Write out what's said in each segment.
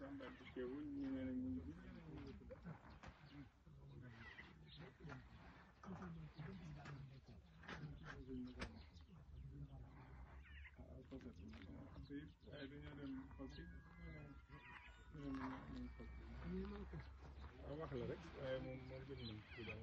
Samba dikkewul ñi ne ne mu ngi fi waaye dañoo dem xob bi ñoom ñoo am xob bi wax la rek waaye moom moom gën nañ ci daal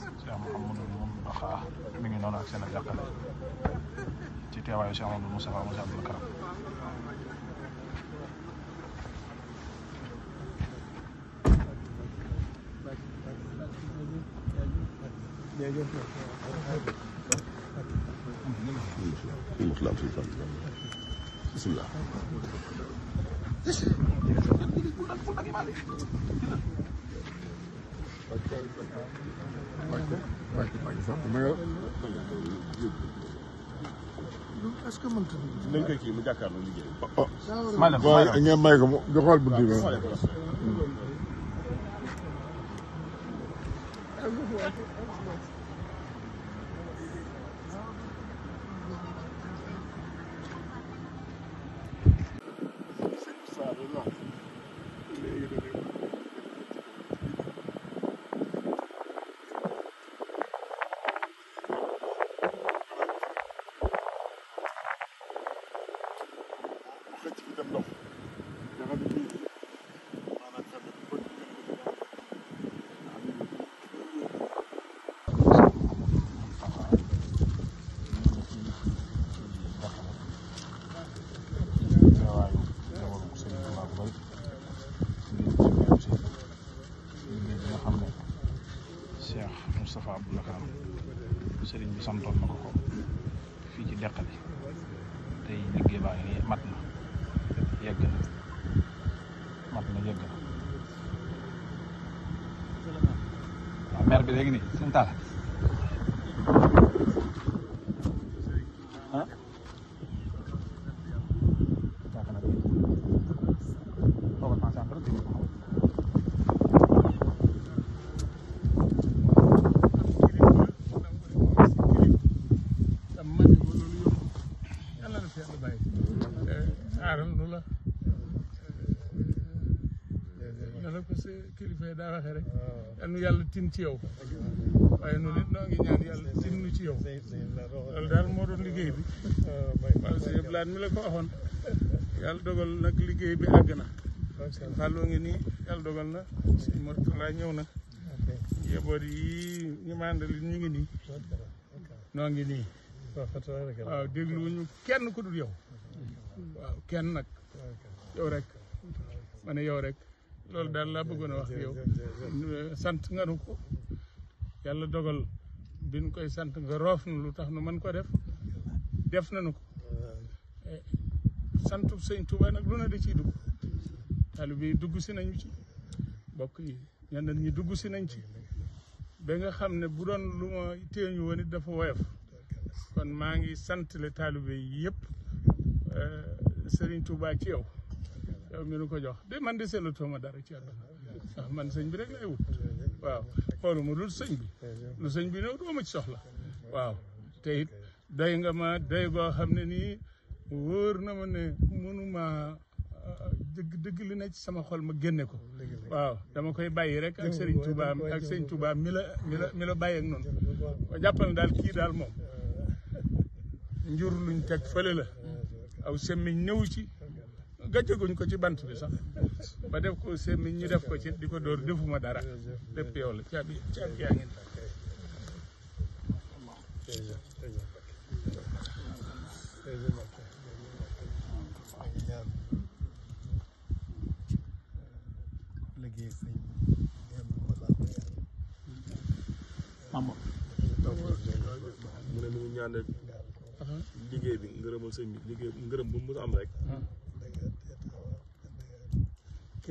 Cheikh Mouhamadou Mountakha mi ngi noonu ak seen ak jàppale ci teewaayu Cheikh Mouhamadou Moustapha Moussa Abdoul Karam bismillah est-ce que mënta nañ ko mu jàkkaarloo liggéey. maanaam boo ngeen may ko mu xool bu diir. bi santoon ko ko fii ci deqali tey liggéey baa ngi mat na yegg na mat na yegg na waaw maire bi léegi nii suñu taal rek ah, yal na yàlla tin ci yow waaye noonu it noo ngi tin nu ci yow loolu moo doon liggéey bi wala sëñ Blaat mi la ko waxoon yàlla dogal nag liggéey bi àgg na sëñ Fallou ngi nii yàlla na sëñ Mourtala ñëw na njaboot yi ñu mandali ñu ngi nii noo ngi nii waaw dégluwuñu kenn ku dul yow waaw kenn yow rek ma yow rek loolu daal laa bëggoon a wax yow eh, sant nga nu ko yàlla dogal bi koy sant nga roof nu lu tax nu man ko def def nañu ko eh, santu sëñ Tuuba nag lu ne da ciy dugg taalibe yi dugg si nañu ci mbokk yi ñenn ñi dugg si nañ ci ba nga xam ne bu doon lu ma téeñu woon it dafa woyof kon maa ngi sant le taalibe yi yëpp eh, sëriñ Tuuba ci yow yow mi ko jox de man de seetlatoo ma dara ci ah, man sëñ bi rek lay wut waaw xooluma dul sëñ bi lu sëñ bi néew doo ma ci soxla waaw te doy nga ma doy goo xam ne nii wóor na ma ne mënuma ah, dëgg dëgg li ne ci sama xol ma génne ko waaw dama koy bàyyi rek ak Serigne Touba ak Serigne Touba mi la mi la mi jàppal daal kii daal moom njur luñ teg fële la aw semmiñ ñëw ci gàcceguñ ko ci bant bi sax ba def ko semmiñ ñu def ko ci di ko dóor defuma dara lépp yow la caabi caabi yaa ngi maam mu ne mu ngi liggéey bi ngërëmal sëñ bi liggéey ngërëm bu mu am rek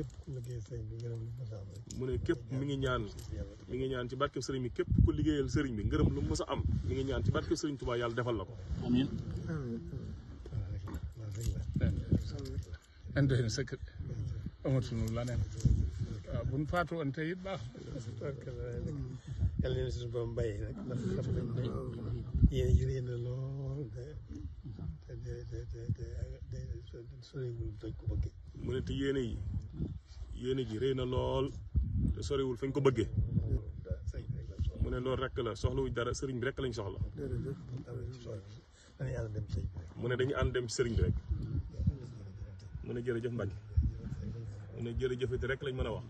a am rek. mu ne képp mi ngi ñaan mi ngi ñaan ci barkeb sëriñ bi képp ku liggéeyal sëriñ bi ngërëm lu mës a am mi ngi ñaan ci barkeb sëriñ Tuubaa yàlla defal la ko. amiin. en doy na sëkk amatul la ah, bu ñu faatu woon tey it baax yàlla na suñu te te te sorewul fañ ko bëggee. mu ne te yéene yi yéene ji rëy na lool te sorewul fañ ko bëggee. mu ne loolu rek la soxla wu dara sëriñ bi rek lañ soxla. mu ne dañu ànd dem sëriñ bi rek. mu ne jërëjëf Mbacke. mu ne jërëjëf it rek lañ mën a wax.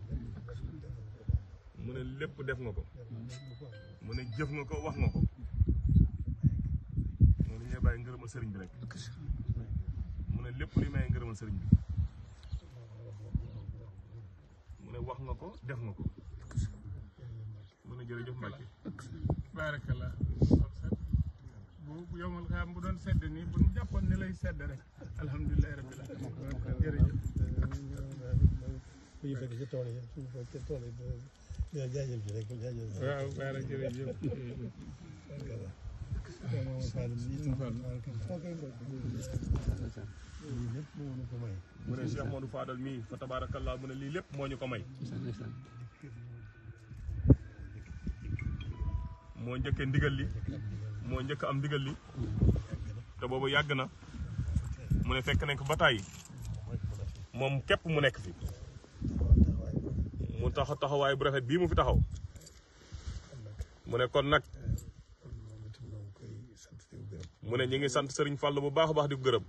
mu ne lépp def nga ko. mu ne jëf nga ko wax nga ko. ñee bàyyi ngërëmal sëriñ bi rek mu ne lépp li may ngërëmal sëriñ bi mu ne wax nga ko def nga ko mu ne jërëjëf Mbacke barakallah bu bu yomal xam bu doon sedd nii bu ñu jàppoon ni lay sedd rek alhamdulilah rabbil alamin bu ñu fekk ci tool yi suñu fekk ci tool yi jaajëf ji rek jaajëf waaw baara jërëjëf mu ne Cheikh Modou Fadal mii fa tabaarakallaa mu ne lii lépp moo ñu ko may moo njëkkee ndigal li moo njëkk am ndigal li te boobu yàgg na mu ne fekk nañ ko ba tàyyi moom képp mu nekk fi mu tax taxawaay bu rafet bii mu fi taxaw mu ne kon nag mu ne ñu ngi sant Serigne Fall bu baax baax di ko gërëm.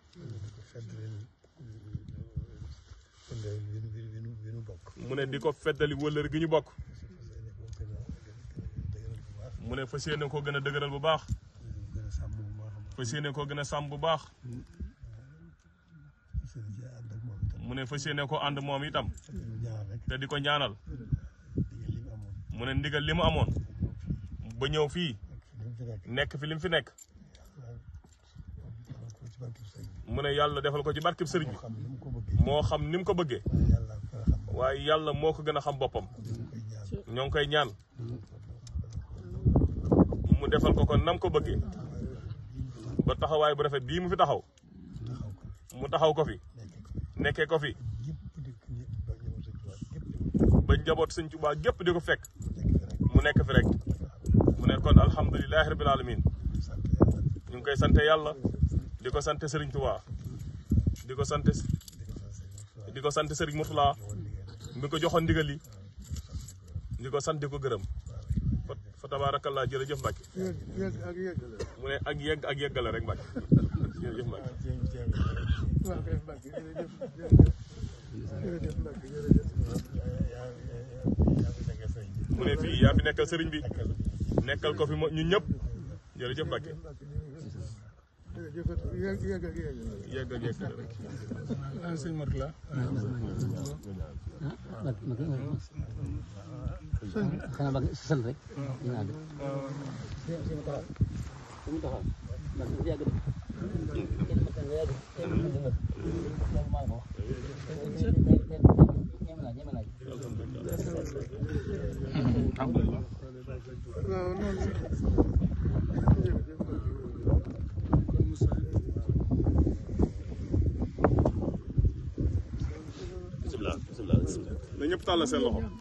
mu ne di ko feddali wëllër gi ñu bokk. mu ne fas yéene koo dëgëral bu baax. fasiyene ko gëna sam bu baax. mu ne itam. te di ko ñaanal. mu ne ndigal limu amoon. ba ñëw fii. nekk fi lim fi nekk. mu ne yàlla defal ko ci barkeb sëriñ bi moo xam ni mu ko bëggee waaye yàlla moo ko gën a xam boppam ñoo ngi koy ñaan mu defal ko kon nam ko bëggee ba taxawaay bu rafet bii mu fi taxaw mu taxaw ko fi nekkee ko fi ba njaboot sëñ Tuubaa gépp di ko fekk mu nekk fi rek mu ne kon alhamdulilahi rabbil alamin ñu koy sante yàlla di ko sant Serigne Touba di ko sant di ko sant Serigne Mourtala mi ko joxoon ndigal li di ko sant ko gërëm fa tabaarakallaa laa Mbacke mu ne ak yegg ak yeggale rek Mbacke jërëjëf Mbacke mu ne fii yaa fi nekkal sëriñ bi nekkal ko fi ñun ñëpp jërëjëf Mbacke yàggal yàggal rek sëñ tàllal seen